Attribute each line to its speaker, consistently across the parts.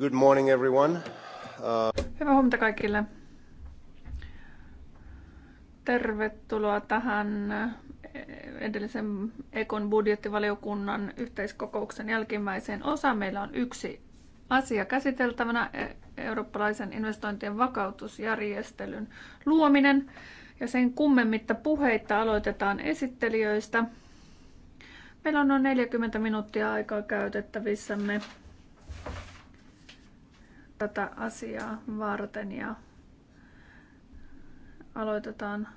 Speaker 1: Good morning everyone. Hyvää huomenta kaikille. Tervetuloa tähän eh, edellisen Ekon budjettivaliokunnan yhteiskokouksen jälkimmäiseen osaan. Meillä on yksi asia käsiteltävänä, eh, eurooppalaisen investointien vakautusjärjestelyn luominen. Ja sen kummemmitta puheita aloitetaan esittelijöistä. Meillä on noin 40 minuuttia aikaa käytettävissämme tätä asiaa varten ja aloitetaan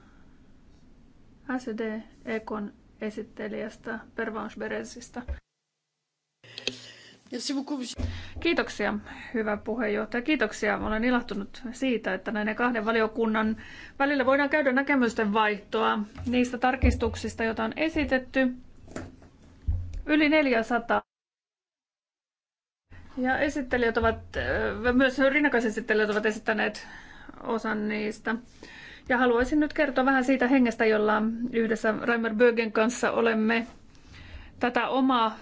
Speaker 1: SD Ekon esittelijästä Pervaus Beresistä. Kiitoksia, hyvä puheenjohtaja. Kiitoksia. Olen ilahtunut siitä, että näiden kahden valiokunnan välillä voidaan käydä näkemysten vaihtoa niistä tarkistuksista, joita on esitetty. Yli 400 ja esittelijät ovat, myös rinnakkaisesittelijät ovat esittäneet osan niistä. Ja haluaisin nyt kertoa vähän siitä hengestä, jolla yhdessä Reimer Bögen kanssa olemme tätä omaa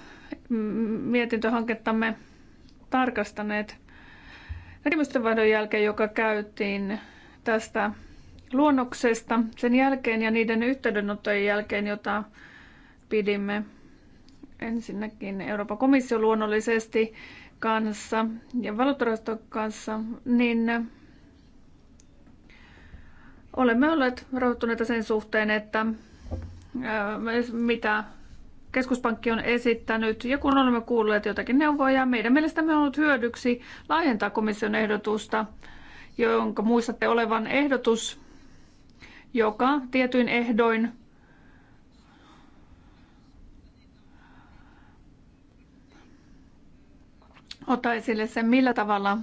Speaker 1: mm, mietintöhankettamme tarkastaneet näkemystenvaihdon jälkeen, joka käytiin tästä luonnoksesta sen jälkeen ja niiden yhteydenottojen jälkeen, jota pidimme ensinnäkin Euroopan komissio luonnollisesti kanssa ja valuuttarahaston kanssa, niin olemme olleet rauhoittuneita sen suhteen, että äh, mitä keskuspankki on esittänyt ja kun olemme kuulleet jotakin neuvoja, meidän mielestämme on ollut hyödyksi laajentaa komission ehdotusta, jonka muistatte olevan ehdotus, joka tietyin ehdoin ota esille sen, millä tavalla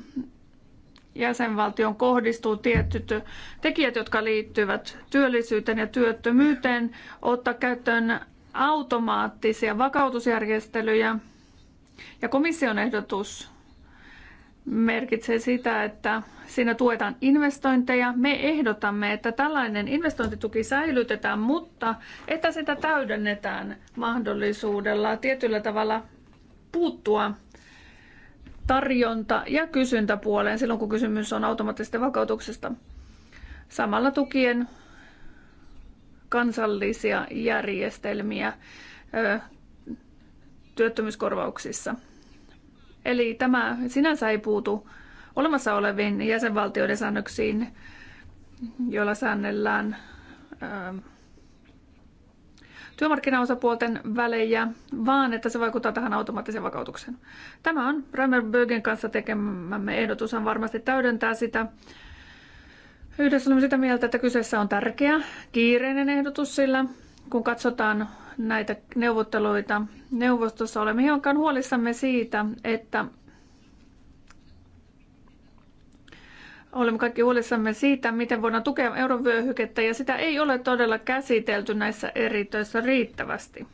Speaker 1: jäsenvaltion kohdistuu tietyt tekijät, jotka liittyvät työllisyyteen ja työttömyyteen, ottaa käyttöön automaattisia vakautusjärjestelyjä. Ja komission ehdotus merkitsee sitä, että siinä tuetaan investointeja. Me ehdotamme, että tällainen investointituki säilytetään, mutta että sitä täydennetään mahdollisuudella tietyllä tavalla puuttua tarjonta- ja kysyntäpuoleen silloin, kun kysymys on automaattisesta vakautuksesta. Samalla tukien kansallisia järjestelmiä ö, työttömyyskorvauksissa. Eli tämä sinänsä ei puutu olemassa oleviin jäsenvaltioiden säännöksiin, joilla säännellään ö, työmarkkinaosapuolten välejä, vaan että se vaikuttaa tähän automaattiseen vakautukseen. Tämä on Reimer Bögen kanssa tekemämme ehdotus, hän varmasti täydentää sitä. Yhdessä olemme sitä mieltä, että kyseessä on tärkeä, kiireinen ehdotus, sillä kun katsotaan näitä neuvotteluita neuvostossa, olemme hiukan huolissamme siitä, että Olemme kaikki huolissamme siitä, miten voidaan tukea eurovyöhykettä, ja sitä ei ole todella käsitelty näissä eri töissä riittävästi.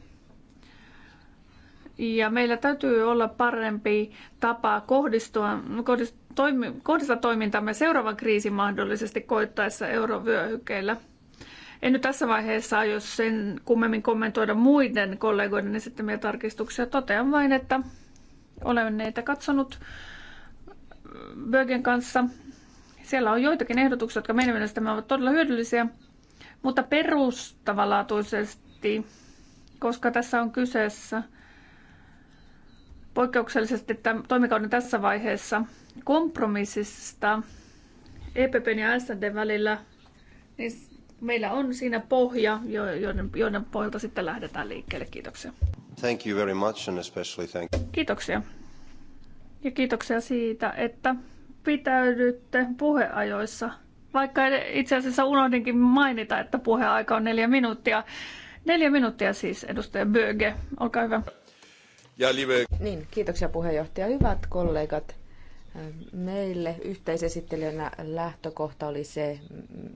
Speaker 1: Ja meillä täytyy olla parempi tapa kohdistua, kohdist, toimi, kohdistaa toimintamme seuraavan kriisin mahdollisesti koittaessa eurovyöhykkeellä. En nyt tässä vaiheessa aio sen kummemmin kommentoida muiden kollegoiden esittämiä tarkistuksia. Totean vain, että olen neitä katsonut Bögen kanssa siellä on joitakin ehdotuksia, jotka meidän mielestä ovat todella hyödyllisiä, mutta perustavanlaatuisesti, koska tässä on kyseessä poikkeuksellisesti tämän toimikauden tässä vaiheessa kompromissista EPPn ja SNDn välillä, niin meillä on siinä pohja, joiden, joiden pohjalta sitten lähdetään liikkeelle. Kiitoksia.
Speaker 2: Thank you very much and especially thank you.
Speaker 1: Kiitoksia. Ja kiitoksia siitä, että pitäydytte puheajoissa, vaikka itse asiassa unohdinkin mainita, että puheaika on neljä minuuttia. Neljä minuuttia siis, edustaja Böge. Olkaa hyvä. Ja live.
Speaker 3: Niin, kiitoksia puheenjohtaja. Hyvät kollegat, Meille yhteisesittelijänä lähtökohta oli se,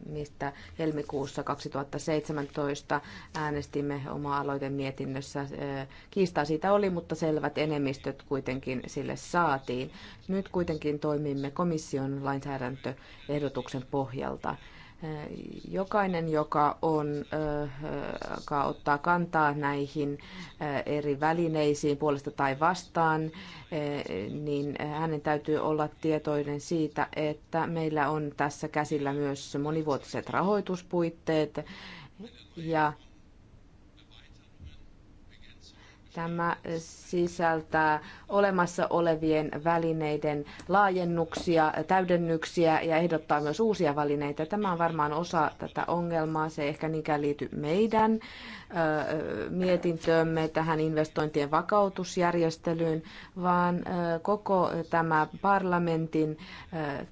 Speaker 3: mistä helmikuussa 2017 äänestimme oma aloitemietinnössä. Kiistaa siitä oli, mutta selvät enemmistöt kuitenkin sille saatiin. Nyt kuitenkin toimimme komission lainsäädäntöehdotuksen pohjalta. Jokainen, joka, on, joka ottaa kantaa näihin eri välineisiin puolesta tai vastaan, niin hänen täytyy olla tietoinen siitä, että meillä on tässä käsillä myös monivuotiset rahoituspuitteet ja Tämä sisältää olemassa olevien välineiden laajennuksia, täydennyksiä ja ehdottaa myös uusia välineitä. Tämä on varmaan osa tätä ongelmaa. Se ei ehkä niinkään liity meidän mietintöömme tähän investointien vakautusjärjestelyyn, vaan koko tämä parlamentin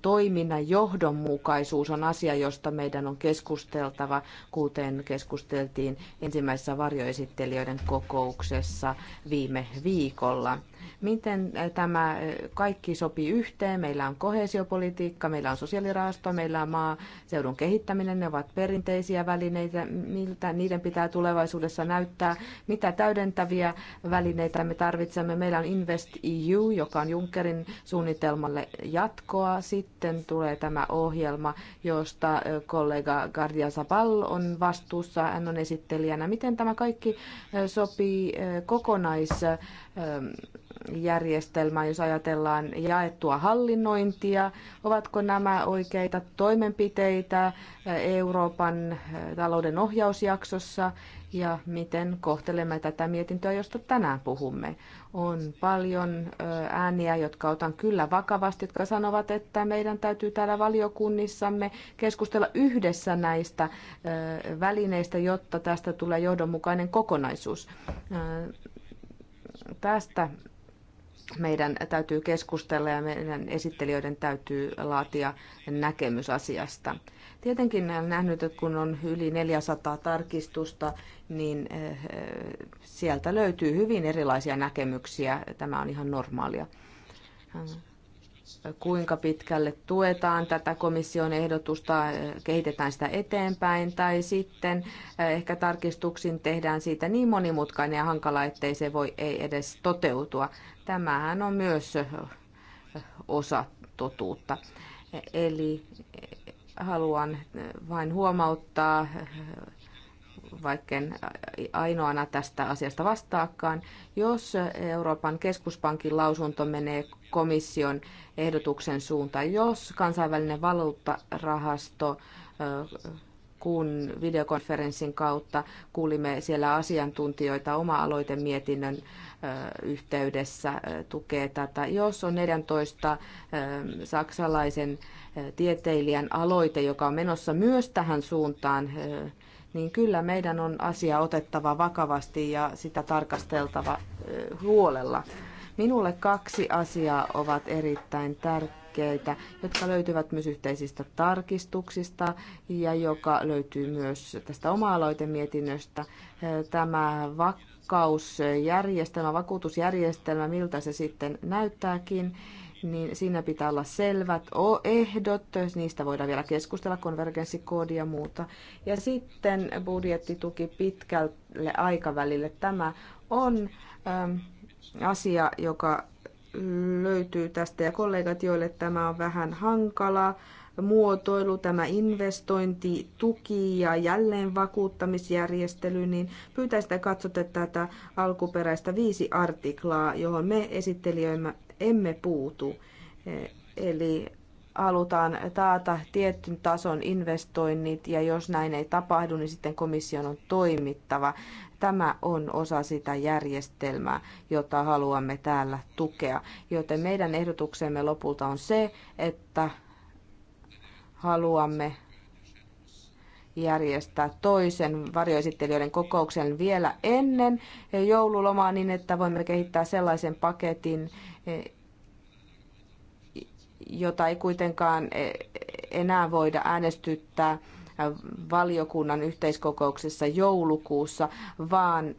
Speaker 3: toiminnan johdonmukaisuus on asia, josta meidän on keskusteltava, kuten keskusteltiin ensimmäisessä varjoesittelijöiden kokouksessa viime viikolla. Miten tämä kaikki sopii yhteen? Meillä on kohesiopolitiikka, meillä on sosiaalirahasto, meillä on maaseudun kehittäminen, ne ovat perinteisiä välineitä, miltä niiden pitää tulevaisuudessa näyttää, mitä täydentäviä välineitä me tarvitsemme. Meillä on Invest EU, joka on Junckerin suunnitelmalle jatkoa. Sitten tulee tämä ohjelma, josta kollega Gardia Zabal on vastuussa, hän on esittelijänä. Miten tämä kaikki sopii kokonais järjestelmää, jos ajatellaan jaettua hallinnointia? Ovatko nämä oikeita toimenpiteitä eh, Euroopan eh, talouden ohjausjaksossa ja miten kohtelemme tätä mietintöä, josta tänään puhumme? On paljon eh, ääniä, jotka otan kyllä vakavasti, jotka sanovat, että meidän täytyy täällä valiokunnissamme keskustella yhdessä näistä välineistä, jotta tästä tulee johdonmukainen kokonaisuus. Tästä meidän täytyy keskustella ja meidän esittelijöiden täytyy laatia näkemys asiasta. Tietenkin olen nähnyt, että kun on yli 400 tarkistusta, niin eh, sieltä löytyy hyvin erilaisia näkemyksiä. Tämä on ihan normaalia kuinka pitkälle tuetaan tätä komission ehdotusta, kehitetään sitä eteenpäin, tai sitten eh, ehkä tarkistuksin tehdään siitä niin monimutkainen ja hankala, ettei se voi ei edes toteutua. Tämähän on myös eh, osa totuutta. E-, eli eh, haluan vain huomauttaa, vaikken ainoana tästä asiasta vastaakaan, jos Euroopan keskuspankin lausunto menee komission ehdotuksen suuntaan. Jos kansainvälinen valuuttarahasto kun videokonferenssin kautta kuulimme siellä asiantuntijoita oma-aloitemietinnön yhteydessä tukee tätä. Jos on 14 saksalaisen tieteilijän aloite, joka on menossa myös tähän suuntaan, niin kyllä meidän on asia otettava vakavasti ja sitä tarkasteltava huolella. Minulle kaksi asiaa ovat erittäin tärkeitä, jotka löytyvät myös yhteisistä tarkistuksista ja joka löytyy myös tästä oma-aloitemietinnöstä. Tämä vakkausjärjestelmä, vakuutusjärjestelmä, miltä se sitten näyttääkin, niin siinä pitää olla selvät ehdot, niistä voidaan vielä keskustella, konvergenssikoodi ja muuta. Ja sitten budjettituki pitkälle aikavälille. Tämä on ähm, asia, joka löytyy tästä ja kollegat, joille tämä on vähän hankala muotoilu, tämä investointi, tuki ja jälleen vakuuttamisjärjestely, niin pyytäisin, katsotte tätä alkuperäistä viisi artiklaa, johon me esittelijöimme emme puutu. Eli halutaan taata tietyn tason investoinnit ja jos näin ei tapahdu, niin sitten komission on toimittava. Tämä on osa sitä järjestelmää, jota haluamme täällä tukea. Joten meidän ehdotuksemme lopulta on se, että haluamme järjestää toisen varjoesittelijöiden kokouksen vielä ennen joululomaa niin, että voimme kehittää sellaisen paketin, jota ei kuitenkaan e, enää voida äänestyttää valiokunnan yhteiskokouksessa joulukuussa, vaan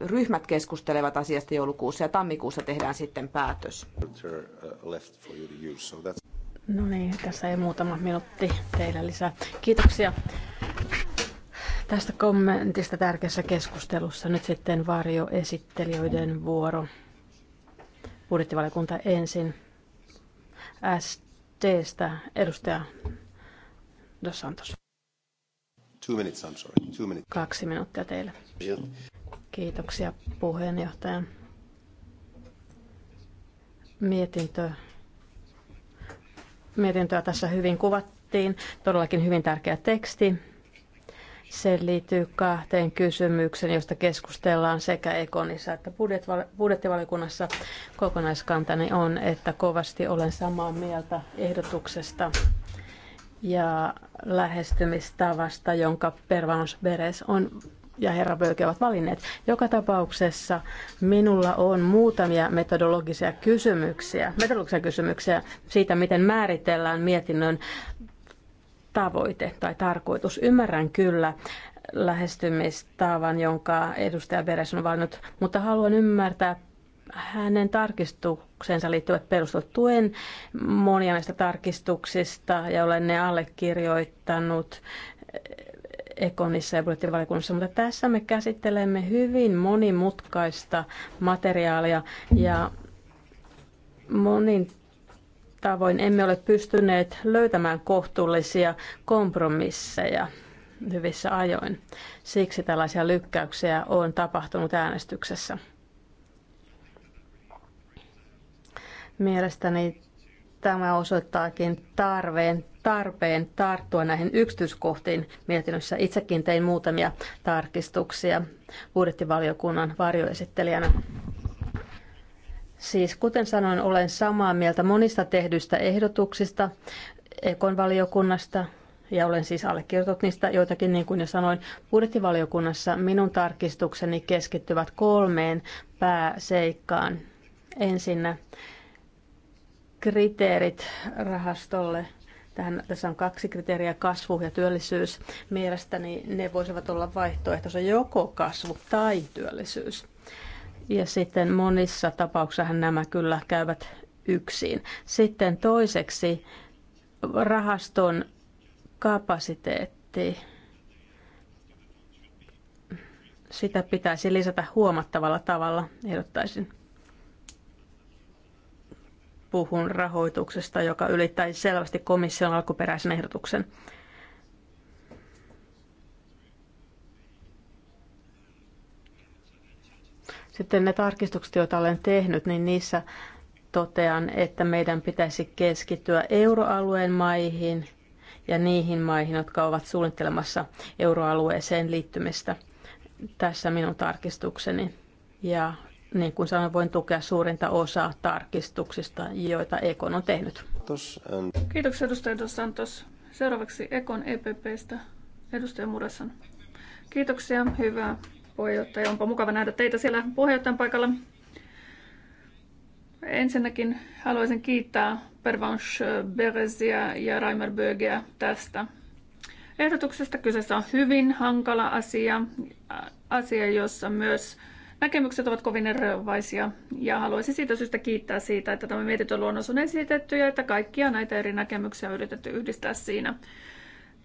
Speaker 3: ryhmät keskustelevat asiasta joulukuussa ja tammikuussa tehdään sitten päätös. No niin, tässä
Speaker 2: ei muutama minuutti teillä lisää. Kiitoksia tästä kommentista tärkeässä keskustelussa. Nyt sitten varjoesittelijöiden vuoro. Budjettivaliokunta ensin. SDstä Edustaja Dos Santos. Two minutes, I'm sorry. Two minutes. Kaksi minuuttia teille. Kiitoksia puheenjohtajan. Mietintö. Mietintöä tässä hyvin kuvattiin. Todellakin hyvin tärkeä teksti se liittyy kahteen kysymykseen, josta keskustellaan sekä Ekonissa että budjettivaliokunnassa. Kokonaiskantani on, että kovasti olen samaa mieltä ehdotuksesta ja lähestymistavasta, jonka Pervanos Beres on ja herra Bölke ovat valinneet. Joka tapauksessa minulla on muutamia metodologisia kysymyksiä, metodologisia kysymyksiä siitä, miten määritellään mietinnön tavoite tai tarkoitus. Ymmärrän kyllä lähestymistavan, jonka edustaja Beres on valinnut, mutta haluan ymmärtää hänen tarkistuksensa liittyvät perustot. Tuen monia näistä tarkistuksista ja olen ne allekirjoittanut Ekonissa ja budjettivalikunnassa, mutta tässä me käsittelemme hyvin monimutkaista materiaalia ja monin tavoin emme ole pystyneet löytämään kohtuullisia kompromisseja hyvissä ajoin. Siksi tällaisia lykkäyksiä on tapahtunut äänestyksessä. Mielestäni tämä osoittaakin tarveen, tarpeen tarttua näihin yksityiskohtiin mietinnössä. Itsekin tein muutamia tarkistuksia budjettivaliokunnan varjoesittelijänä. Siis kuten sanoin, olen samaa mieltä monista tehdyistä ehdotuksista Ekon valiokunnasta, ja olen siis allekirjoittanut niistä joitakin, niin kuin jo sanoin, budjettivaliokunnassa minun tarkistukseni keskittyvät kolmeen pääseikkaan. Ensinnä kriteerit rahastolle. Tähän, tässä on kaksi kriteeriä, kasvu ja työllisyys. Mielestäni ne voisivat olla vaihtoehtoisia joko kasvu tai työllisyys. Ja sitten monissa tapauksissa nämä kyllä käyvät yksin. Sitten toiseksi rahaston kapasiteetti. Sitä pitäisi lisätä huomattavalla tavalla, ehdottaisin. Puhun rahoituksesta, joka ylittäisi selvästi komission alkuperäisen ehdotuksen. Sitten ne tarkistukset, joita olen tehnyt, niin niissä totean, että meidän pitäisi keskittyä euroalueen maihin ja niihin maihin, jotka ovat suunnittelemassa euroalueeseen liittymistä. Tässä minun tarkistukseni. Ja niin kuin sanoin, voin tukea suurinta osaa tarkistuksista, joita Ekon on tehnyt. Ähm.
Speaker 1: Kiitoksia edustaja Dos Santos. Seuraavaksi Ekon EPPstä edustaja murasan. Kiitoksia, hyvää puheenjohtaja. Onpa mukava nähdä teitä siellä puheenjohtajan paikalla. Ensinnäkin haluaisin kiittää Pervanche Beresia ja Raimer Bögeä tästä ehdotuksesta. Kyseessä on hyvin hankala asia, asia jossa myös näkemykset ovat kovin eroavaisia ja haluaisin siitä syystä kiittää siitä, että tämä mietintöluonnos on esitetty ja että kaikkia näitä eri näkemyksiä on yritetty yhdistää siinä.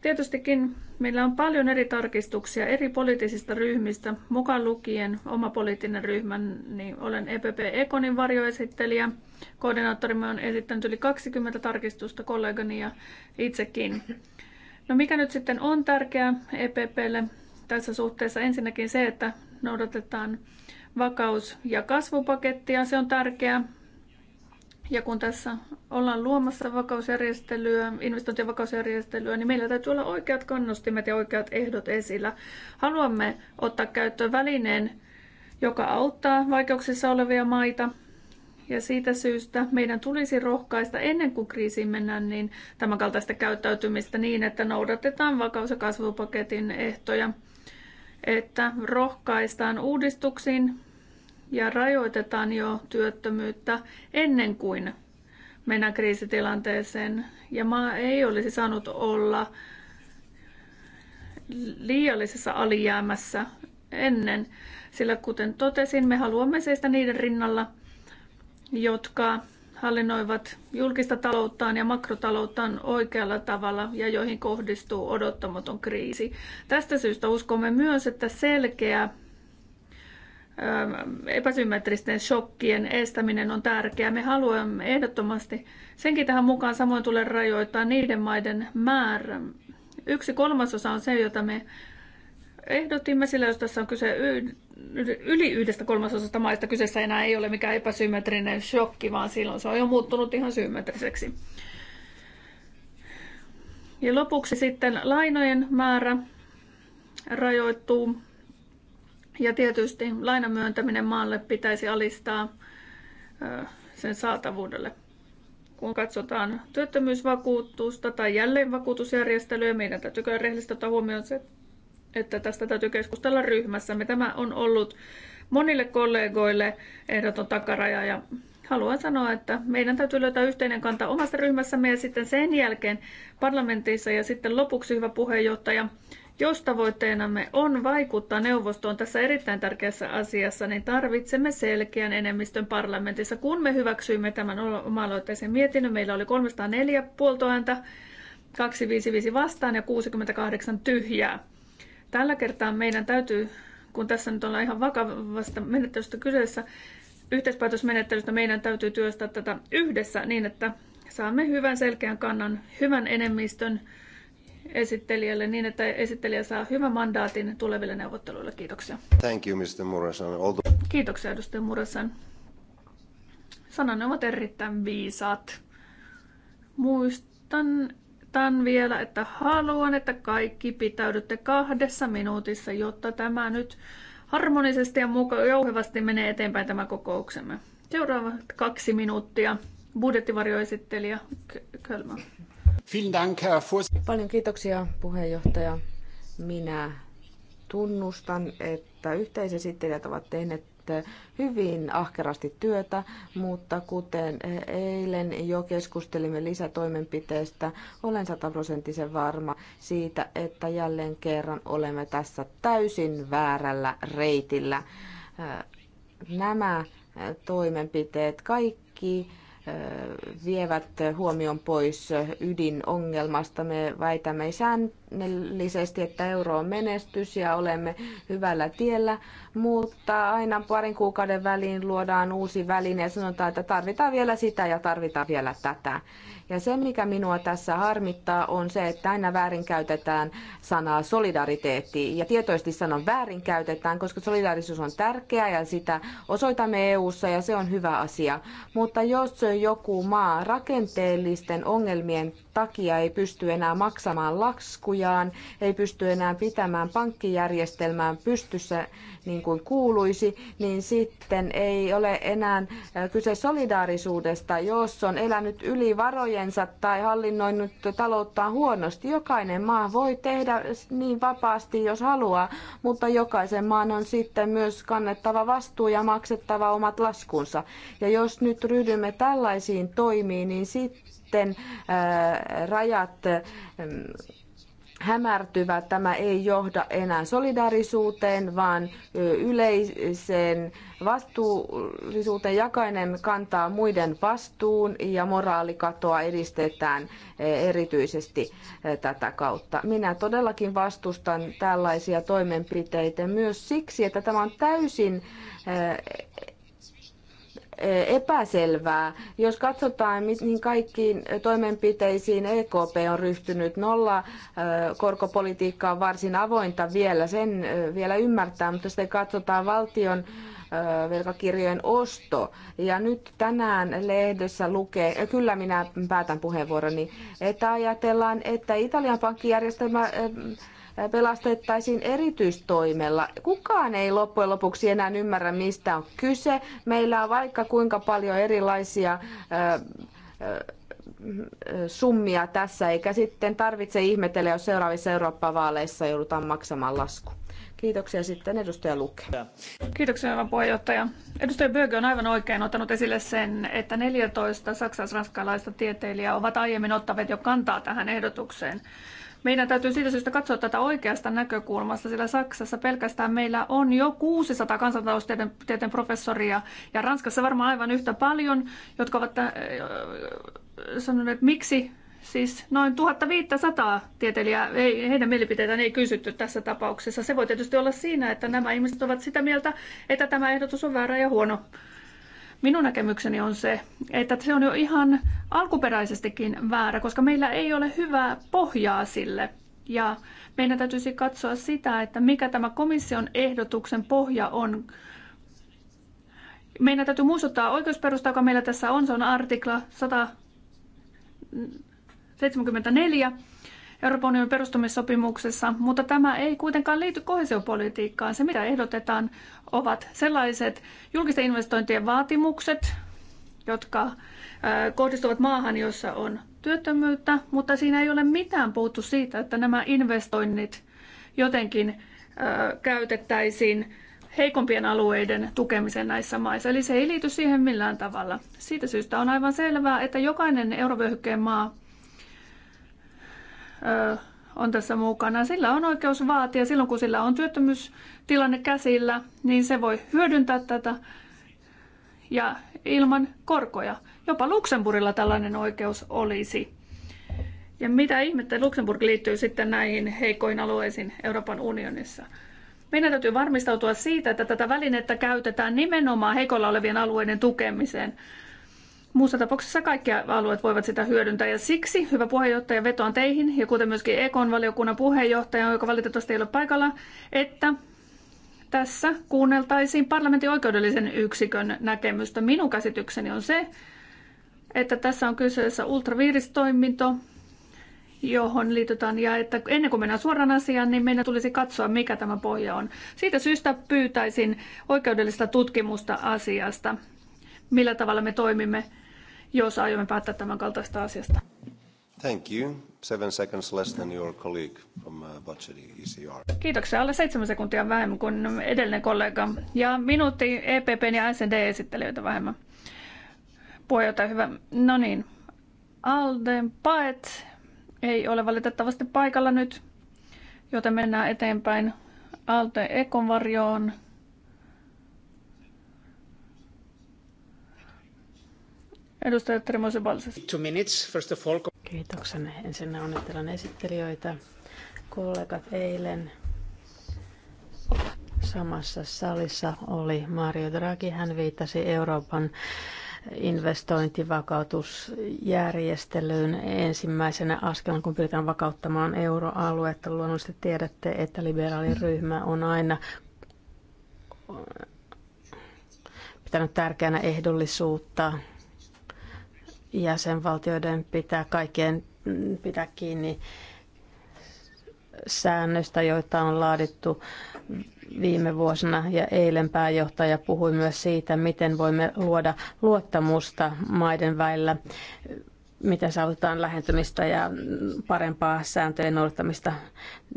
Speaker 1: Tietystikin meillä on paljon eri tarkistuksia eri poliittisista ryhmistä, mukaan lukien oma poliittinen ryhmä, niin olen EPP Ekonin varjoesittelijä. Koordinaattorimme on esittänyt yli 20 tarkistusta kollegani ja itsekin. No mikä nyt sitten on tärkeää EPPlle tässä suhteessa? Ensinnäkin se, että noudatetaan vakaus- ja kasvupakettia. Se on tärkeää. Ja kun tässä ollaan luomassa vakausjärjestelyä, investointien vakausjärjestelyä, niin meillä täytyy olla oikeat kannustimet ja oikeat ehdot esillä. Haluamme ottaa käyttöön välineen, joka auttaa vaikeuksissa olevia maita. Ja siitä syystä meidän tulisi rohkaista ennen kuin kriisiin mennään niin tämän kaltaista käyttäytymistä niin, että noudatetaan vakaus- ja kasvupaketin ehtoja, että rohkaistaan uudistuksiin, ja rajoitetaan jo työttömyyttä ennen kuin mennään kriisitilanteeseen. Ja maa ei olisi saanut olla liiallisessa alijäämässä ennen, sillä kuten totesin, me haluamme seistä niiden rinnalla, jotka hallinnoivat julkista talouttaan ja makrotalouttaan oikealla tavalla ja joihin kohdistuu odottamaton kriisi. Tästä syystä uskomme myös, että selkeä Ähm, epäsymmetristen shokkien estäminen on tärkeää. Me haluamme ehdottomasti senkin tähän mukaan samoin tulee rajoittaa niiden maiden määrä. Yksi kolmasosa on se, jota me ehdotimme, sillä jos tässä on kyse yli yhdestä kolmasosasta maista, kyseessä enää ei ole mikään epäsymmetrinen shokki, vaan silloin se on jo muuttunut ihan symmetriseksi. Ja lopuksi sitten lainojen määrä rajoittuu ja tietysti lainan myöntäminen maalle pitäisi alistaa sen saatavuudelle. Kun katsotaan työttömyysvakuutusta tai jälleenvakuutusjärjestelyä, meidän täytyy kyllä rehellisesti ottaa huomioon se, että tästä täytyy keskustella ryhmässämme. Tämä on ollut monille kollegoille ehdoton takaraja ja haluan sanoa, että meidän täytyy löytää yhteinen kanta omassa ryhmässämme ja sitten sen jälkeen parlamentissa ja sitten lopuksi hyvä puheenjohtaja jos tavoitteenamme on vaikuttaa neuvostoon tässä erittäin tärkeässä asiassa, niin tarvitsemme selkeän enemmistön parlamentissa. Kun me hyväksyimme tämän oma-aloitteisen mietinnön, meillä oli 304 puoltoääntä, 255 vastaan ja 68 tyhjää. Tällä kertaa meidän täytyy, kun tässä nyt ollaan ihan vakavasta menettelystä kyseessä, yhteispäätösmenettelystä meidän täytyy työstää tätä yhdessä niin, että saamme hyvän selkeän kannan, hyvän enemmistön esittelijälle niin, että esittelijä saa hyvän mandaatin tuleville neuvotteluille. Kiitoksia. Thank you, Mr. Murasan. The... Kiitoksia, edustaja Murasan. Sanan ovat erittäin viisaat. Muistan tämän vielä, että haluan, että kaikki pitäydytte kahdessa minuutissa, jotta tämä nyt harmonisesti ja muka- jouhevasti menee eteenpäin tämä kokouksemme. Seuraavat kaksi minuuttia. Budjettivarjoesittelijä Kölmä.
Speaker 3: Paljon kiitoksia puheenjohtaja. Minä tunnustan, että yhteisesittelijät ovat tehneet hyvin ahkerasti työtä, mutta kuten eilen jo keskustelimme lisätoimenpiteistä, olen sataprosenttisen varma siitä, että jälleen kerran olemme tässä täysin väärällä reitillä. Nämä toimenpiteet, kaikki vievät huomion pois ydinongelmasta. Me väitämme sään että euro on menestys ja olemme hyvällä tiellä, mutta aina parin kuukauden väliin luodaan uusi väline ja sanotaan, että tarvitaan vielä sitä ja tarvitaan vielä tätä. Ja se, mikä minua tässä harmittaa, on se, että aina väärinkäytetään sanaa solidariteetti. Ja tietoisesti sanon väärinkäytetään, koska solidaarisuus on tärkeää ja sitä osoitamme EU-ssa ja se on hyvä asia. Mutta jos joku maa rakenteellisten ongelmien takia ei pysty enää maksamaan laskujaan, ei pysty enää pitämään pankkijärjestelmää pystyssä niin kuin kuuluisi, niin sitten ei ole enää kyse solidaarisuudesta, jos on elänyt yli varojensa tai hallinnoinut talouttaan huonosti. Jokainen maa voi tehdä niin vapaasti, jos haluaa, mutta jokaisen maan on sitten myös kannettava vastuu ja maksettava omat laskunsa. Ja jos nyt ryhdymme tällaisiin toimiin, niin sitten sitten äh, rajat ähm, hämärtyvät, tämä ei johda enää solidarisuuteen vaan yleiseen vastuullisuuteen jakainen kantaa muiden vastuun ja moraalikatoa edistetään erityisesti tätä kautta. Minä todellakin vastustan tällaisia toimenpiteitä myös siksi, että tämä on täysin epäselvää. Jos katsotaan, mihin kaikkiin toimenpiteisiin EKP on ryhtynyt, nolla korkopolitiikka on varsin avointa vielä, sen vielä ymmärtää, mutta sitten katsotaan valtion velkakirjojen osto. Ja nyt tänään lehdessä lukee, kyllä minä päätän puheenvuoroni, että ajatellaan, että Italian pankkijärjestelmä pelastettaisiin erityistoimella. Kukaan ei loppujen lopuksi enää ymmärrä, mistä on kyse. Meillä on vaikka kuinka paljon erilaisia summia tässä, eikä sitten tarvitse ihmetellä, jos seuraavissa Eurooppa-vaaleissa joudutaan maksamaan lasku. Kiitoksia sitten edustaja Luke.
Speaker 1: Kiitoksia hyvä puheenjohtaja. Edustaja Böge on aivan oikein ottanut esille sen, että 14 saksalais-ranskalaista tieteilijää ovat aiemmin ottaneet jo kantaa tähän ehdotukseen. Meidän täytyy siitä syystä katsoa tätä oikeasta näkökulmasta, sillä Saksassa pelkästään meillä on jo 600 kansantaloustieteen professoria ja Ranskassa varmaan aivan yhtä paljon, jotka ovat äh, äh, sanoneet, että miksi siis noin 1500 tieteilijää, ei, heidän mielipiteitään ei kysytty tässä tapauksessa. Se voi tietysti olla siinä, että nämä ihmiset ovat sitä mieltä, että tämä ehdotus on väärä ja huono. Minun näkemykseni on se, että se on jo ihan alkuperäisestikin väärä, koska meillä ei ole hyvää pohjaa sille. Ja meidän täytyisi katsoa sitä, että mikä tämä komission ehdotuksen pohja on. Meidän täytyy muistuttaa oikeusperusta, joka meillä tässä on. Se on artikla 174 Euroopan unionin perustumissopimuksessa, mutta tämä ei kuitenkaan liity kohesiopolitiikkaan. Se, mitä ehdotetaan, ovat sellaiset julkisten investointien vaatimukset, jotka kohdistuvat maahan, jossa on työttömyyttä, mutta siinä ei ole mitään puhuttu siitä, että nämä investoinnit jotenkin käytettäisiin heikompien alueiden tukemiseen näissä maissa. Eli se ei liity siihen millään tavalla. Siitä syystä on aivan selvää, että jokainen eurovyöhykkeen maa on tässä mukana. Sillä on oikeus vaatia silloin, kun sillä on työttömyystilanne käsillä, niin se voi hyödyntää tätä ja ilman korkoja. Jopa Luxemburgilla tällainen oikeus olisi. Ja mitä ihmettä Luxemburg liittyy sitten näihin heikoin alueisiin Euroopan unionissa? Meidän täytyy varmistautua siitä, että tätä välinettä käytetään nimenomaan heikolla olevien alueiden tukemiseen. Muussa tapauksessa kaikki alueet voivat sitä hyödyntää ja siksi, hyvä puheenjohtaja, vetoan teihin ja kuten myöskin Ekon valiokunnan puheenjohtaja, joka valitettavasti ei ole paikalla, että tässä kuunneltaisiin parlamentin oikeudellisen yksikön näkemystä. Minun käsitykseni on se, että tässä on kyseessä ultraviiristoiminto, johon liitytään ja että ennen kuin mennään suoraan asiaan, niin meidän tulisi katsoa, mikä tämä pohja on. Siitä syystä pyytäisin oikeudellista tutkimusta asiasta, millä tavalla me toimimme jos aiomme päättää tämän kaltaista asiasta.
Speaker 2: Thank you. Seven seconds less than your colleague from uh, Budget ECR.
Speaker 1: Kiitoksia. Alle seitsemän sekuntia vähemmän kuin edellinen kollega. Ja minuutti EPPn ja SND-esittelijöitä vähemmän. Puheenjohtaja, hyvä. No niin. Alden Paet ei ole valitettavasti paikalla nyt, joten mennään eteenpäin Alte Ekonvarjoon. varjoon. Edustaja
Speaker 2: Tremose Two minutes, first of all. Kiitoksen. Ensin onnittelen esittelijöitä. Kollegat eilen samassa salissa oli Mario Draghi. Hän viittasi Euroopan investointivakautusjärjestelyyn ensimmäisenä askeleen, kun pyritään vakauttamaan euroaluetta. Luonnollisesti tiedätte, että liberaaliryhmä on aina pitänyt tärkeänä ehdollisuutta jäsenvaltioiden pitää kaikkien pitää kiinni säännöistä, joita on laadittu viime vuosina ja eilen pääjohtaja puhui myös siitä, miten voimme luoda luottamusta maiden välillä, miten saavutetaan lähentymistä ja parempaa sääntöjen noudattamista.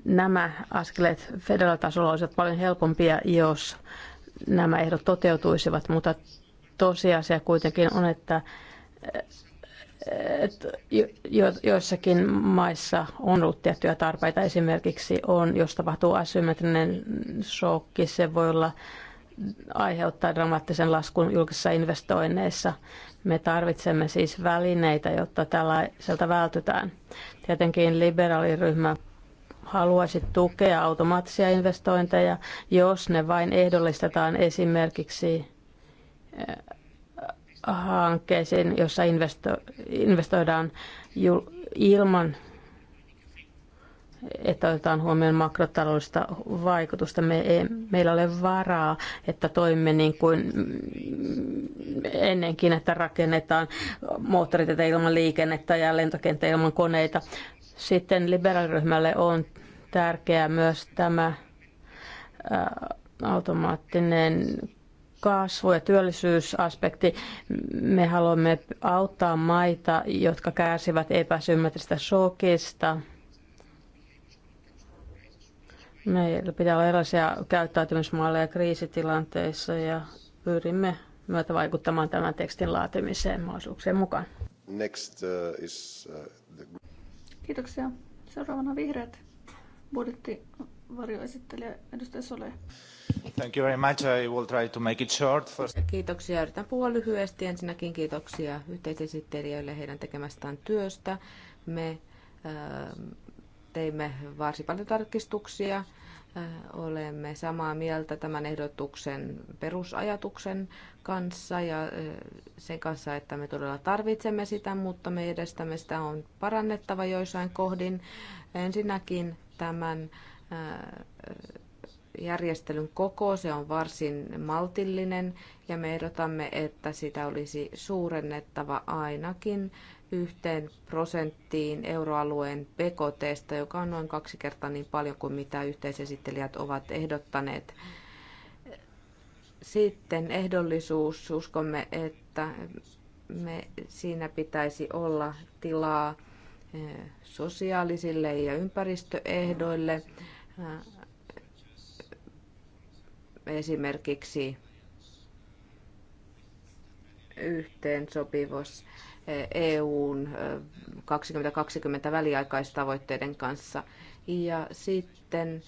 Speaker 2: Nämä askeleet federaalitasolla olisivat paljon helpompia, jos nämä ehdot toteutuisivat, mutta tosiasia kuitenkin on, että jo, joissakin maissa on ollut tiettyjä tarpeita. Esimerkiksi on, jos tapahtuu asymmetrinen shokki, se voi olla aiheuttaa dramaattisen laskun julkisissa investoinneissa. Me tarvitsemme siis välineitä, jotta tällaiselta vältytään. Tietenkin liberaaliryhmä haluaisi tukea automaattisia investointeja, jos ne vain ehdollistetaan esimerkiksi hankkeisiin, jossa investoidaan ilman, että otetaan huomioon makrotaloudellista vaikutusta. Me ei, meillä ole varaa, että toimme niin kuin ennenkin, että rakennetaan moottoriteitä ilman liikennettä ja lentokenttä ilman koneita. Sitten liberaaliryhmälle on tärkeää myös tämä automaattinen kasvu- ja työllisyysaspekti. Me haluamme auttaa maita, jotka kärsivät epäsymmetristä shokista. Meillä pitää olla erilaisia käyttäytymismalleja kriisitilanteissa ja pyrimme myötä vaikuttamaan tämän tekstin laatimiseen mahdollisuuksien mukaan.
Speaker 1: Next, uh, is, uh, the... Kiitoksia. Seuraavana vihreät budjettivarjoesittelijä edustaja Sole. Thank you very much. I will try to make it short. First...
Speaker 3: Kiitoksia. Yritän puhua lyhyesti. Ensinnäkin kiitoksia yhteisesittelijöille heidän tekemästään työstä. Me ähm, teimme varsin paljon tarkistuksia. Äh, olemme samaa mieltä tämän ehdotuksen perusajatuksen kanssa ja äh, sen kanssa, että me todella tarvitsemme sitä, mutta me edestämme sitä on parannettava joissain kohdin. Ensinnäkin tämän äh, järjestelyn koko, se on varsin maltillinen ja me ehdotamme, että sitä olisi suurennettava ainakin yhteen prosenttiin euroalueen BKTstä, joka on noin kaksi kertaa niin paljon kuin mitä yhteisesittelijät ovat ehdottaneet. Sitten ehdollisuus, uskomme, että me, siinä pitäisi olla tilaa eh, sosiaalisille ja ympäristöehdoille eh, esimerkiksi yhteensopivuus e, EUn 2020 e, väliaikaistavoitteiden kanssa. Ja sitten e,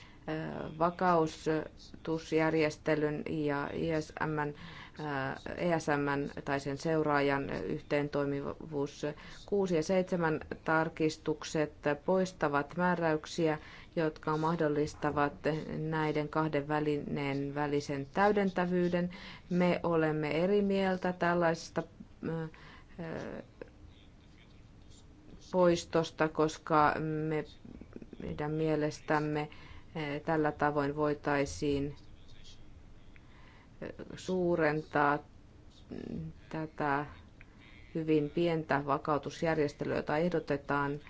Speaker 3: vakautusjärjestelyn ja ISMn, ESMn tai sen seuraajan yhteentoimivuus. 6 ja 7 tarkistukset poistavat määräyksiä, jotka mahdollistavat näiden kahden välineen välisen täydentävyyden. Me olemme eri mieltä tällaisesta poistosta, koska me, meidän mielestämme tällä tavoin voitaisiin suurentaa tätä hyvin pientä vakautusjärjestelyä, jota ehdotetaan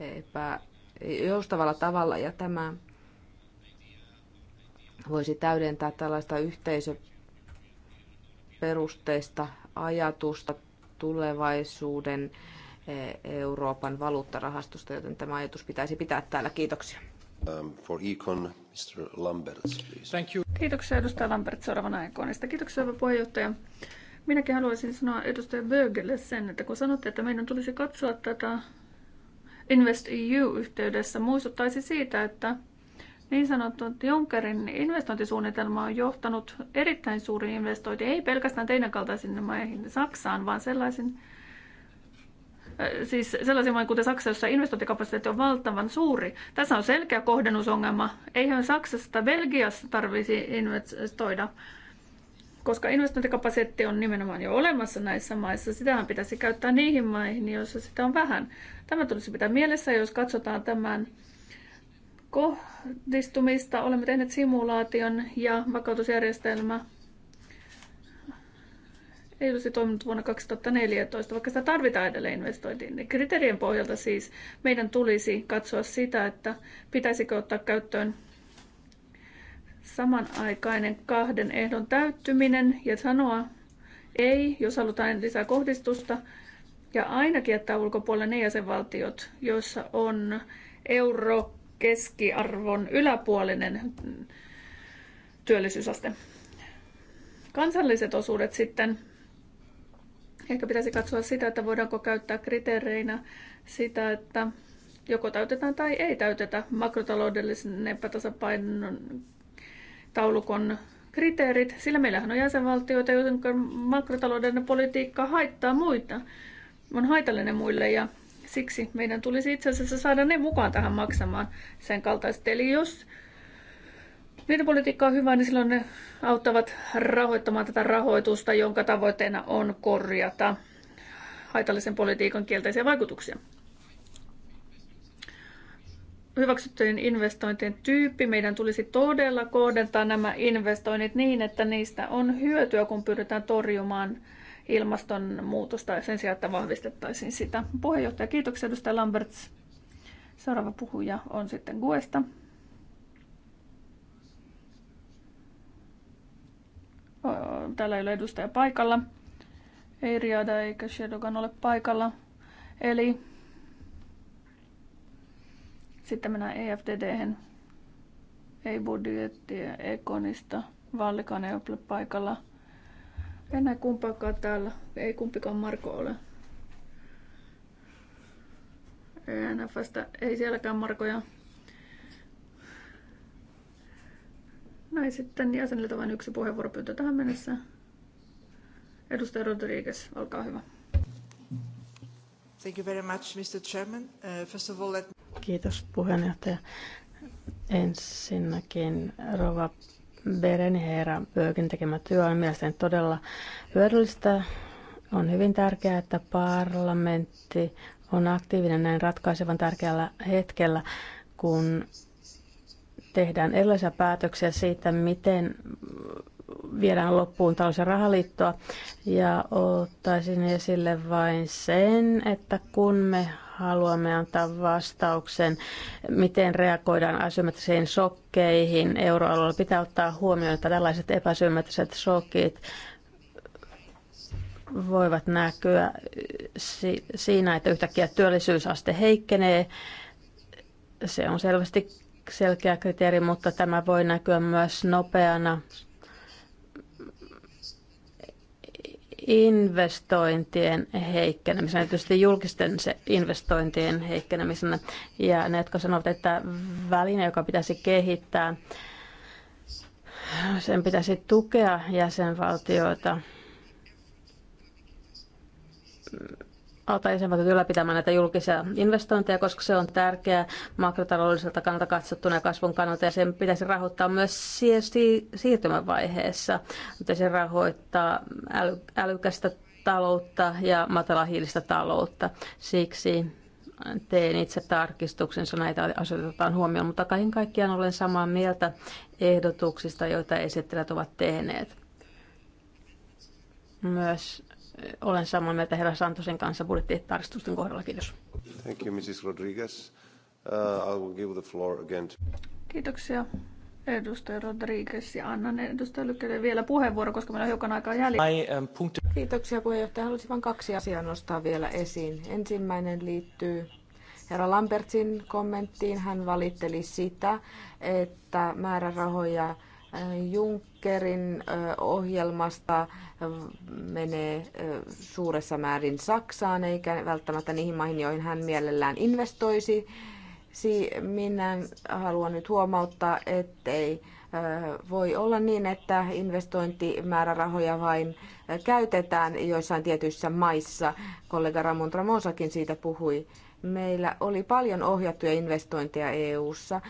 Speaker 3: epä joustavalla tavalla ja tämä voisi täydentää tällaista yhteisöperusteista ajatusta tulevaisuuden e, Euroopan valuuttarahastosta, joten tämä ajatus pitäisi pitää täällä. Kiitoksia.
Speaker 2: Um, for Econ, Mr. Lamberts, please.
Speaker 1: Thank you. Kiitoksia edustaja Lambert seuraavana Econista. Kiitoksia hyvä puheenjohtaja. Minäkin haluaisin sanoa edustaja Bögelle sen, että kun sanotte, että meidän tulisi katsoa tätä InvestEU-yhteydessä muistuttaisi siitä, että niin sanottu Junckerin investointisuunnitelma on johtanut erittäin suuriin investointeihin, ei pelkästään teidän kaltaisiin maihin Saksaan, vaan sellaisiin, siis sellaisiin maihin kuten Saksa, jossa investointikapasiteetti on valtavan suuri. Tässä on selkeä kohdennusongelma. Eihän Saksasta Belgiassa tarvitsisi investoida, koska investointikapasiteetti on nimenomaan jo olemassa näissä maissa, sitähän pitäisi käyttää niihin maihin, joissa sitä on vähän. Tämä tulisi pitää mielessä, jos katsotaan tämän kohdistumista. Olemme tehneet simulaation ja vakautusjärjestelmä ei olisi toiminut vuonna 2014, vaikka sitä tarvitaan edelleen investointiin. Niin kriteerien pohjalta siis meidän tulisi katsoa sitä, että pitäisikö ottaa käyttöön samanaikainen kahden ehdon täyttyminen ja sanoa ei, jos halutaan lisää kohdistusta, ja ainakin jättää ulkopuolelle ne jäsenvaltiot, joissa on euro keskiarvon yläpuolinen työllisyysaste. Kansalliset osuudet sitten. Ehkä pitäisi katsoa sitä, että voidaanko käyttää kriteereinä sitä, että joko täytetään tai ei täytetä makrotaloudellisen epätasapainon taulukon kriteerit, sillä meillähän on jäsenvaltioita, joten makrotalouden politiikka haittaa muita, on haitallinen muille ja siksi meidän tulisi itse asiassa saada ne mukaan tähän maksamaan sen kaltaisesti. Eli jos niiden politiikka on hyvä, niin silloin ne auttavat rahoittamaan tätä rahoitusta, jonka tavoitteena on korjata haitallisen politiikan kielteisiä vaikutuksia hyväksyttyjen investointien tyyppi. Meidän tulisi todella kohdentaa nämä investoinnit niin, että niistä on hyötyä, kun pyritään torjumaan ilmastonmuutosta ja sen sijaan, että vahvistettaisiin sitä. Puheenjohtaja, kiitoksia edustaja Lamberts. Seuraava puhuja on sitten Guesta. Täällä ei ole edustaja paikalla. Ei Riada eikä Shedogan ole paikalla. Eli sitten mennään EFDD, ei budjettia, Ekonista, Vallikan ei ole paikalla. En näe kumpaakaan täällä, ei kumpikaan Marko ole. ENFstä ei sielläkään Markoja. Näin no sitten jäseniltä vain yksi puheenvuoropyyntö tähän mennessä. Edustaja Rodriguez, olkaa hyvä. Thank you very much, Mr. Chairman. Uh, first of all, let...
Speaker 2: Kiitos puheenjohtaja. Ensinnäkin rouva Beren ja herra Böökin tekemä työ on mielestäni todella hyödyllistä. On hyvin tärkeää, että parlamentti on aktiivinen näin ratkaisevan tärkeällä hetkellä, kun tehdään erilaisia päätöksiä siitä, miten viedään loppuun talous- ja rahaliittoa. Ja ottaisin esille vain sen, että kun me haluamme antaa vastauksen, miten reagoidaan asymmetrisiin sokkeihin euroalueella, pitää ottaa huomioon, että tällaiset epäsymmetriset sokit voivat näkyä siinä, että yhtäkkiä työllisyysaste heikkenee. Se on selvästi selkeä kriteeri, mutta tämä voi näkyä myös nopeana investointien heikkenemisenä, tietysti julkisten investointien heikkenemisenä. Ja ne, jotka sanovat, että väline, joka pitäisi kehittää, sen pitäisi tukea jäsenvaltioita auttaa jäsenvaltiot ylläpitämään näitä julkisia investointeja, koska se on tärkeää makrotaloudelliselta kannalta katsottuna ja kasvun kannalta, ja sen pitäisi rahoittaa myös siirtymävaiheessa. Pitäisi rahoittaa äly, älykästä taloutta ja matalahiilistä taloutta. Siksi teen itse tarkistuksensa, näitä asioita otetaan huomioon, mutta kaiken kaikkiaan olen samaa mieltä ehdotuksista, joita esittelijät ovat tehneet. Myös olen samaa mieltä herra Santosen kanssa budjettitarkistusten kohdalla. Kiitos. Thank you, Mrs. Rodriguez. Uh, I will give the floor again.
Speaker 1: Kiitoksia edustaja Rodriguez ja annan edustaja Lykkälle vielä puheenvuoro, koska meillä on hiukan aikaa jäljellä. Um, Kiitoksia puheenjohtaja. Haluaisin vain kaksi asiaa nostaa vielä esiin.
Speaker 3: Ensimmäinen liittyy herra Lambertsin kommenttiin. Hän valitteli sitä, että määrärahoja äh, Junk Junckerin ohjelmasta menee suuressa määrin Saksaan, eikä välttämättä niihin maihin, joihin hän mielellään investoisi. Minä haluan nyt huomauttaa, ettei voi olla niin, että investointimäärärahoja vain käytetään joissain tietyissä maissa. Kollega Ramon Tramosakin siitä puhui. Meillä oli paljon ohjattuja investointeja EU-ssa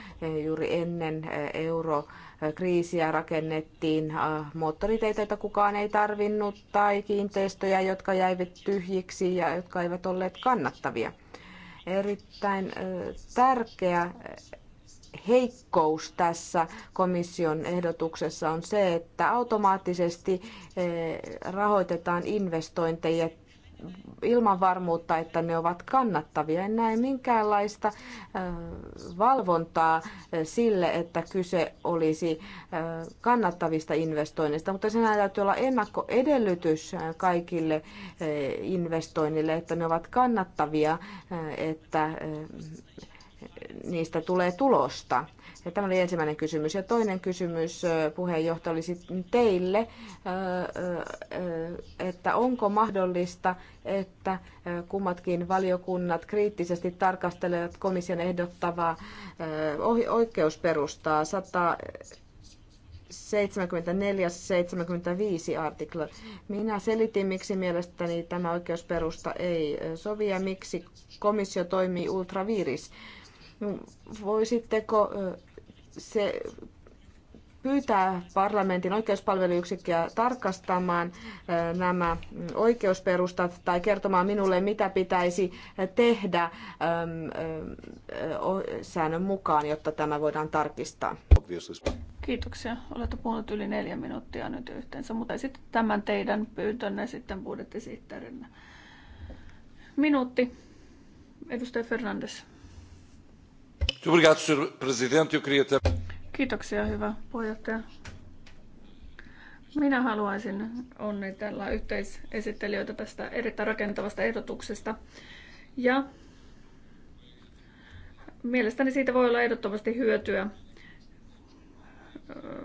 Speaker 3: juuri ennen euro kriisiä rakennettiin äh, moottoriteitä, joita kukaan ei tarvinnut, tai kiinteistöjä, jotka jäivät tyhjiksi ja jotka eivät olleet kannattavia. Erittäin äh, tärkeä äh, heikkous tässä komission ehdotuksessa on se, että automaattisesti rahoitetaan investointeja ilman varmuutta, että ne ovat kannattavia. En näe minkäänlaista valvontaa sille, että kyse olisi kannattavista investoinneista, mutta sen täytyy olla ennakkoedellytys kaikille investoinnille, että ne ovat kannattavia, että niistä tulee tulosta? Ja tämä oli ensimmäinen kysymys. Ja toinen kysymys puheenjohtaja olisi teille, että onko mahdollista, että kummatkin valiokunnat kriittisesti tarkastelevat komission ehdottavaa oikeusperustaa 174 74 75 artikla. Minä selitin, miksi mielestäni tämä oikeusperusta ei sovi ja miksi komissio toimii ultraviris. Voisitteko se pyytää parlamentin oikeuspalveluyksikköä tarkastamaan nämä oikeusperustat tai kertomaan minulle, mitä pitäisi tehdä säännön mukaan, jotta tämä voidaan tarkistaa.
Speaker 1: Kiitoksia. Olette puhunut yli neljä minuuttia nyt yhteensä, mutta sitten tämän teidän pyyntönne sitten budjettisihteerinä. Minuutti. Edustaja Fernandes. Kiitoksia, hyvä puheenjohtaja. Minä haluaisin onnitella yhteisesittelijöitä tästä erittäin rakentavasta ehdotuksesta. Ja mielestäni siitä voi olla ehdottomasti hyötyä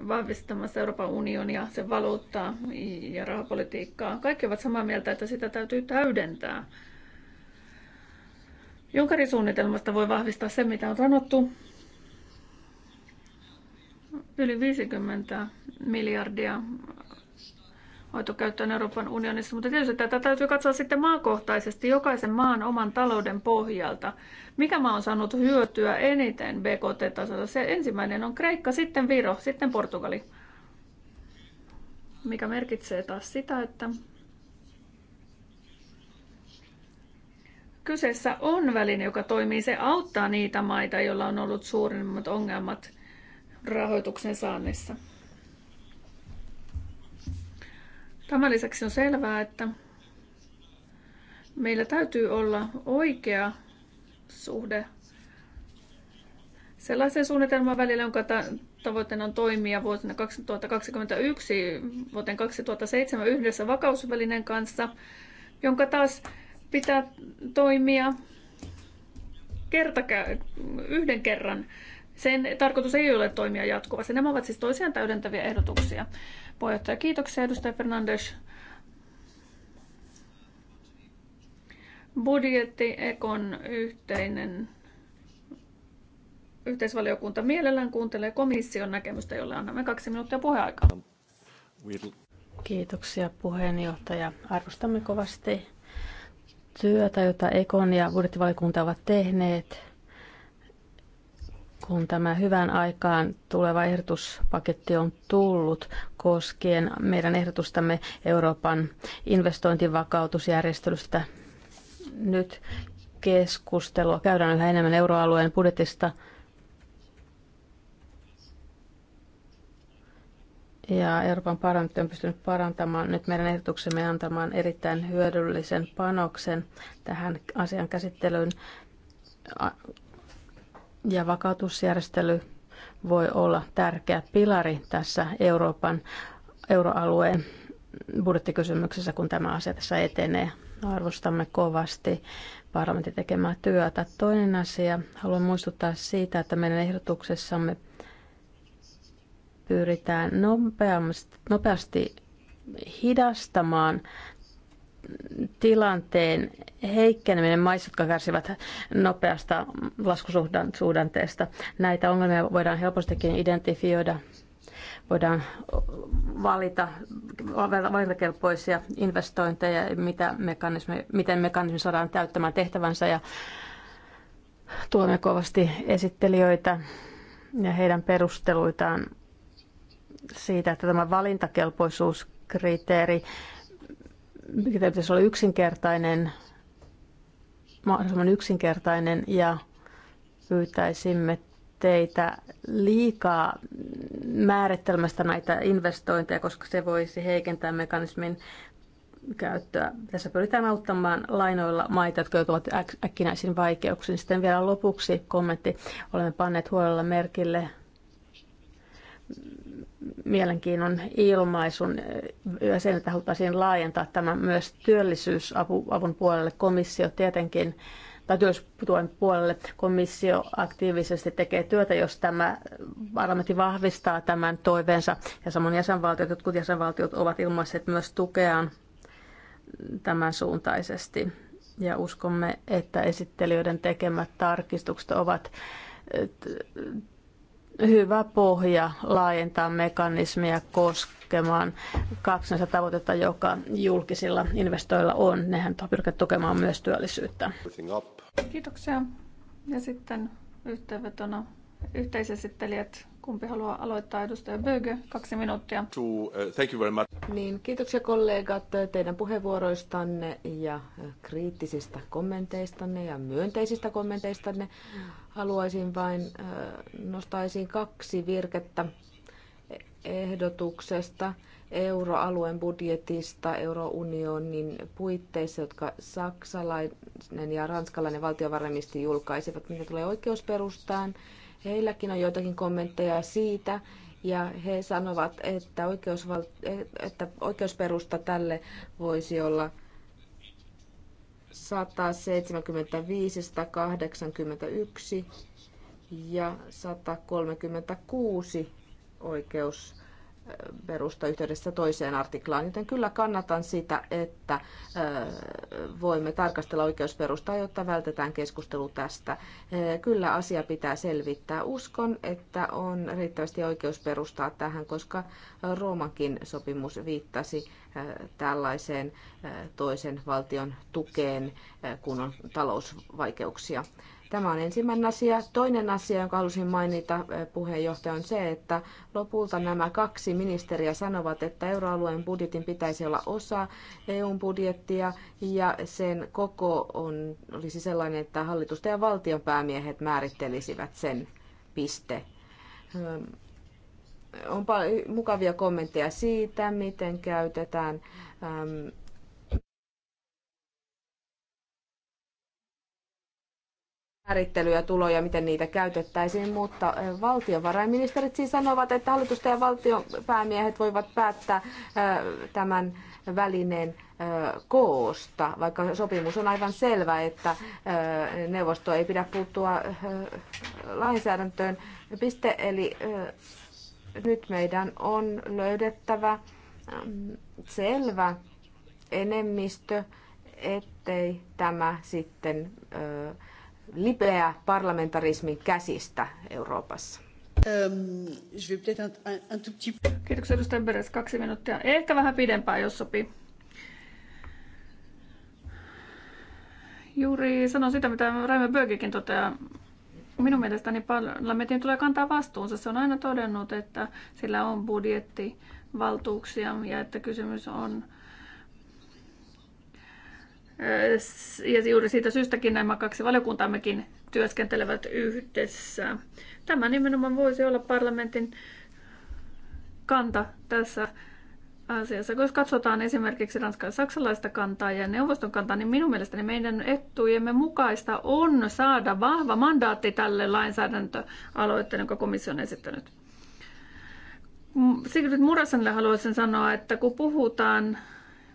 Speaker 1: vahvistamassa Euroopan unionia, sen valuuttaa ja rahapolitiikkaa. Kaikki ovat samaa mieltä, että sitä täytyy täydentää Junkarin suunnitelmasta voi vahvistaa se, mitä on sanottu. Yli 50 miljardia hoitokäyttöön Euroopan unionissa, mutta tietysti tätä täytyy katsoa sitten maakohtaisesti jokaisen maan oman talouden pohjalta. Mikä maa on saanut hyötyä eniten BKT-tasolla? Se ensimmäinen on Kreikka, sitten Viro, sitten Portugali. Mikä merkitsee taas sitä, että Kyseessä on väline, joka toimii. Se auttaa niitä maita, joilla on ollut suurimmat ongelmat rahoituksen saannissa. Tämän lisäksi on selvää, että meillä täytyy olla oikea suhde sellaisen suunnitelman välillä, jonka tavoitteena on toimia vuosina 2021 vuoteen 2007 yhdessä vakausvälineen kanssa, jonka taas pitää toimia kertakä, yhden kerran. Sen tarkoitus ei ole toimia jatkuvasti. Nämä ovat siis toisiaan täydentäviä ehdotuksia. Puheenjohtaja, kiitoksia edustaja Fernandes. Budjetti Ekon yhteinen yhteisvaliokunta mielellään kuuntelee komission näkemystä, jolle annamme kaksi minuuttia puheaikaa.
Speaker 2: Kiitoksia puheenjohtaja. Arvostamme kovasti työtä, jota Ekon ja budjettivalikunta ovat tehneet, kun tämä hyvän aikaan tuleva ehdotuspaketti on tullut koskien meidän ehdotustamme Euroopan investointivakautusjärjestelystä. Nyt keskustelua käydään yhä enemmän euroalueen budjetista – Ja Euroopan parlamentti on pystynyt parantamaan nyt meidän ehdotuksemme antamaan erittäin hyödyllisen panoksen tähän asian käsittelyyn. Ja vakautusjärjestely voi olla tärkeä pilari tässä Euroopan euroalueen budjettikysymyksessä, kun tämä asia tässä etenee. Arvostamme kovasti parlamentin tekemää työtä. Toinen asia, haluan muistuttaa siitä, että meidän ehdotuksessamme – pyritään nopeasti, nopeasti hidastamaan tilanteen heikkeneminen maissa, jotka kärsivät nopeasta laskusuhdanteesta. Näitä ongelmia voidaan helpostikin identifioida. Voidaan valita valintakelpoisia investointeja, mitä mekanismi, miten mekanismi saadaan täyttämään tehtävänsä ja tuomme kovasti esittelijöitä ja heidän perusteluitaan siitä, että tämä valintakelpoisuuskriteeri pitäisi olla yksinkertainen, mahdollisimman yksinkertainen ja pyytäisimme teitä liikaa määrittelemästä näitä investointeja, koska se voisi heikentää mekanismin käyttöä. Tässä pyritään auttamaan lainoilla maita, jotka joutuvat äkkinäisiin vaikeuksiin. Sitten vielä lopuksi kommentti. Olemme panneet huolella merkille mielenkiinnon ilmaisun ja sen, että haluttaisiin laajentaa tämä myös työllisyysavun puolelle. Komissio tietenkin tai työllisyystuen puolelle komissio aktiivisesti tekee työtä, jos tämä parlamentti vahvistaa tämän toiveensa. Ja samoin jäsenvaltiot, jotkut jäsenvaltiot ovat ilmaisseet myös tukeaan tämän suuntaisesti. Ja uskomme, että esittelijöiden tekemät tarkistukset ovat hyvä pohja laajentaa mekanismia koskemaan näistä tavoitetta, joka julkisilla investoilla on. Nehän pyrkivät tukemaan myös työllisyyttä.
Speaker 1: Kiitoksia. Ja sitten yhteenvetona yhteisesittelijät Kumpi haluaa aloittaa? Edustaja Böge, kaksi minuuttia. To, uh, thank you very much. Niin,
Speaker 3: kiitoksia kollegat uh, teidän puheenvuoroistanne ja uh, kriittisistä kommenteistanne ja myönteisistä kommenteistanne. Haluaisin vain uh, nostaisin kaksi virkettä ehdotuksesta euroalueen budjetista eurounionin puitteissa, jotka saksalainen ja ranskalainen valtiovarainministeri julkaisivat, mitä tulee oikeusperustaan Heilläkin on joitakin kommentteja siitä, ja he sanovat, että, oikeusval- että oikeusperusta tälle voisi olla 175, 181 ja 136 oikeus perusta yhteydessä toiseen artiklaan, joten kyllä kannatan sitä, että voimme tarkastella oikeusperustaa, jotta vältetään keskustelu tästä. Kyllä asia pitää selvittää. Uskon, että on riittävästi oikeusperustaa tähän, koska Roomankin sopimus viittasi tällaiseen toisen valtion tukeen, kun on talousvaikeuksia. Tämä on ensimmäinen asia. Toinen asia, jonka halusin mainita eh, puheenjohtaja, on se, että lopulta nämä kaksi ministeriä sanovat, että euroalueen budjetin pitäisi olla osa eu budjettia ja sen koko on, olisi sellainen, että hallitusten ja valtionpäämiehet määrittelisivät sen piste ehm, on paljon mukavia kommentteja siitä, miten käytetään ehm, määrittelyjä tuloja, miten niitä käytettäisiin, mutta eh, valtiovarainministerit siis sanovat, että hallitusta ja valtionpäämiehet voivat päättää eh, tämän välineen eh, koosta, vaikka sopimus on aivan selvä, että neuvosto ei pidä puuttua lainsäädäntöön. Piste, eli nyt meidän on löydettävä mm, selvä enemmistö, ettei tämä sitten lipeä parlamentarismin käsistä Euroopassa.
Speaker 1: Ehm, Kiitoksia edustaja Beres, kaksi minuuttia. Ehkä vähän pidempään, jos sopii. Juuri sanon sitä, mitä Raimo Bögekin toteaa. Minun mielestäni parlamentin tulee kantaa vastuunsa. Se on aina todennut, että sillä on budjetti, valtuuksia ja että kysymys on ja juuri siitä syystäkin nämä kaksi valiokuntaammekin työskentelevät yhdessä. Tämä nimenomaan voisi olla parlamentin kanta tässä asiassa. Jos katsotaan esimerkiksi ranskan saksalaista kantaa ja neuvoston kantaa, niin minun mielestäni meidän etujemme mukaista on saada vahva mandaatti tälle lainsäädäntöaloitteelle, jonka komissio on esittänyt. Sigrid Murasenille haluaisin sanoa, että kun puhutaan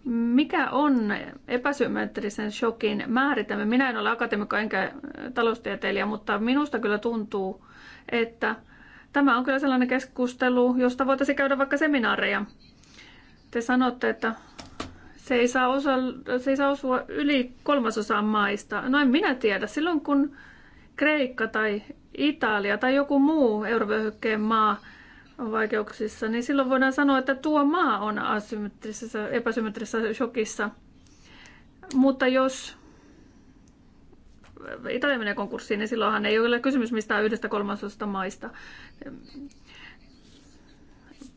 Speaker 1: mikä on epäsymmetrisen shokin määritelmä? Minä en ole akatemikko enkä taloustieteilijä, mutta minusta kyllä tuntuu, että tämä on kyllä sellainen keskustelu, josta voitaisiin käydä vaikka seminaareja. Te sanotte, että se ei saa, osa, se ei saa osua yli kolmasosaan maista. No en minä tiedä. Silloin kun Kreikka tai Italia tai joku muu eurovyöhykkeen maa – on vaikeuksissa, niin silloin voidaan sanoa, että tuo maa on asymmetrisessä, epäsymmetrisessä shokissa. Mutta jos Italia menee konkurssiin, niin silloinhan ei ole kysymys mistään yhdestä kolmasosasta maista.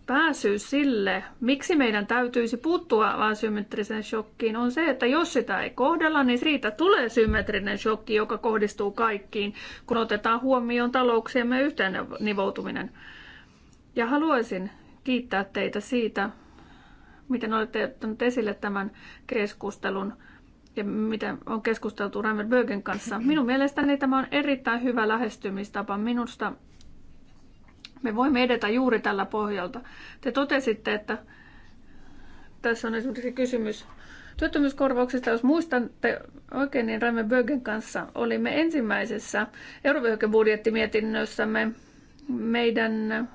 Speaker 1: Pääsy sille, miksi meidän täytyisi puuttua asymmetriseen shokkiin, on se, että jos sitä ei kohdella, niin siitä tulee symmetrinen shokki, joka kohdistuu kaikkiin, kun otetaan huomioon talouksiemme yhteen nivoutuminen. Ja haluaisin kiittää teitä siitä, miten olette ottanut esille tämän keskustelun ja mitä on keskusteltu Raimer Bögen kanssa. Minun mielestäni tämä on erittäin hyvä lähestymistapa. Minusta me voimme edetä juuri tällä pohjalta. Te totesitte, että tässä on esimerkiksi kysymys työttömyyskorvauksista. Jos muistatte oikein, niin Raimer Bögen kanssa olimme ensimmäisessä eurovyöhykebudjettimietinnössämme meidän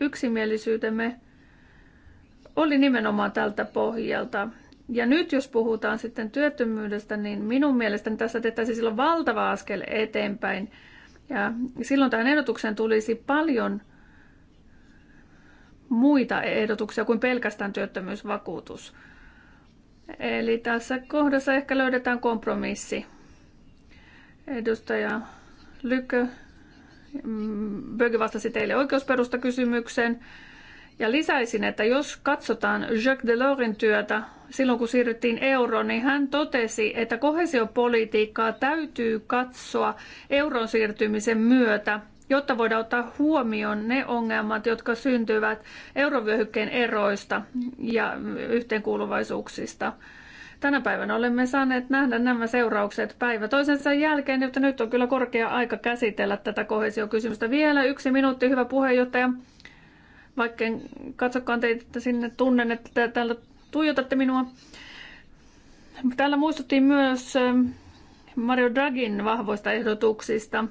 Speaker 1: yksimielisyytemme oli nimenomaan tältä pohjalta. Ja nyt jos puhutaan sitten työttömyydestä, niin minun mielestäni tässä tehtäisiin silloin valtava askel eteenpäin. Ja silloin tähän ehdotukseen tulisi paljon muita ehdotuksia kuin pelkästään työttömyysvakuutus. Eli tässä kohdassa ehkä löydetään kompromissi. Edustaja Lykö Mm, Böge vastasi teille oikeusperusta kysymykseen. Ja lisäisin, että jos katsotaan Jacques Delorsin työtä silloin, kun siirryttiin euroon, niin hän totesi, että kohesiopolitiikkaa täytyy katsoa euron siirtymisen myötä, jotta voidaan ottaa huomioon ne ongelmat, jotka syntyvät eurovyöhykkeen eroista ja yhteenkuuluvaisuuksista. Tänä päivänä olemme saaneet nähdä nämä seuraukset päivä toisensa jälkeen, joten nyt on kyllä korkea aika käsitellä tätä kohesiokysymystä. Vielä yksi minuutti, hyvä puheenjohtaja. Vaikka en katsokaan teitä sinne, tunnen, että täällä tuijotatte minua. Täällä muistuttiin myös ähm, Mario Dragin vahvoista ehdotuksista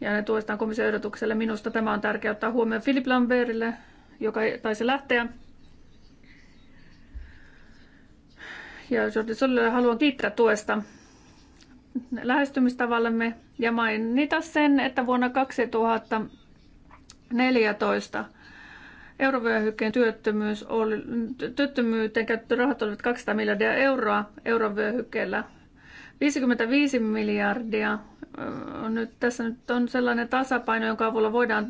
Speaker 1: ja ne tuestaan komission ehdotukselle. Minusta tämä on tärkeää ottaa huomioon Philip Lambertille, joka taisi lähteä ja Jordi Solille haluan kiittää tuesta lähestymistavallemme ja mainita sen, että vuonna 2014 eurovyöhykkeen työttömyys oli, työttömyyteen käytetty rahat olivat 200 miljardia euroa eurovyöhykkeellä. 55 miljardia nyt, tässä nyt on sellainen tasapaino, jonka avulla voidaan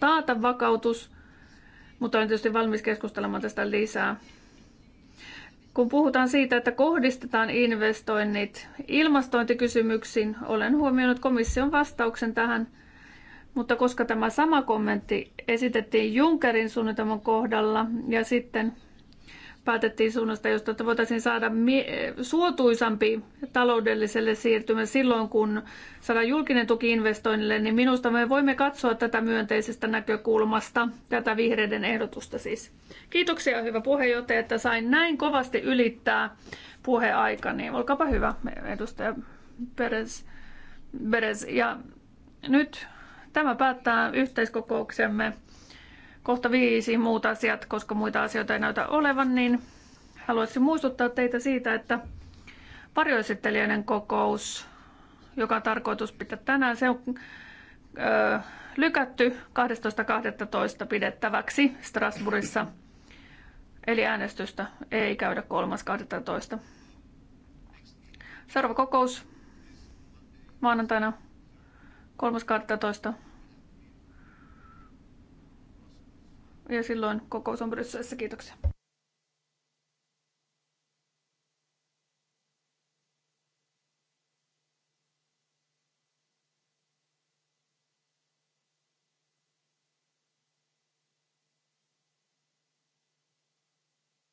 Speaker 1: taata vakautus, mutta olen tietysti valmis keskustelemaan tästä lisää. Kun puhutaan siitä, että kohdistetaan investoinnit ilmastointikysymyksiin, olen huomioinut komission vastauksen tähän, mutta koska tämä sama kommentti esitettiin Junckerin suunnitelman kohdalla ja sitten päätettiin suunnasta, josta voitaisiin saada suotuisampi taloudelliselle siirtymä silloin, kun saadaan julkinen tuki investoinnille, niin minusta me voimme katsoa tätä myönteisestä näkökulmasta, tätä vihreiden ehdotusta siis. Kiitoksia hyvä puheenjohtaja, että sain näin kovasti ylittää puheaikani. Olkaapa hyvä, edustaja Peres. Beres. Ja nyt tämä päättää yhteiskokouksemme kohta viisi muut asiat, koska muita asioita ei näytä olevan, niin haluaisin muistuttaa teitä siitä, että varjoesittelijöiden kokous, joka on tarkoitus pitää tänään, se on ö, lykätty 12.12. pidettäväksi Strasbourgissa. Eli äänestystä ei käydä 3.12. Seuraava kokous maanantaina 3.12. Ja silloin kokous on Brysselissä. Kiitoksia.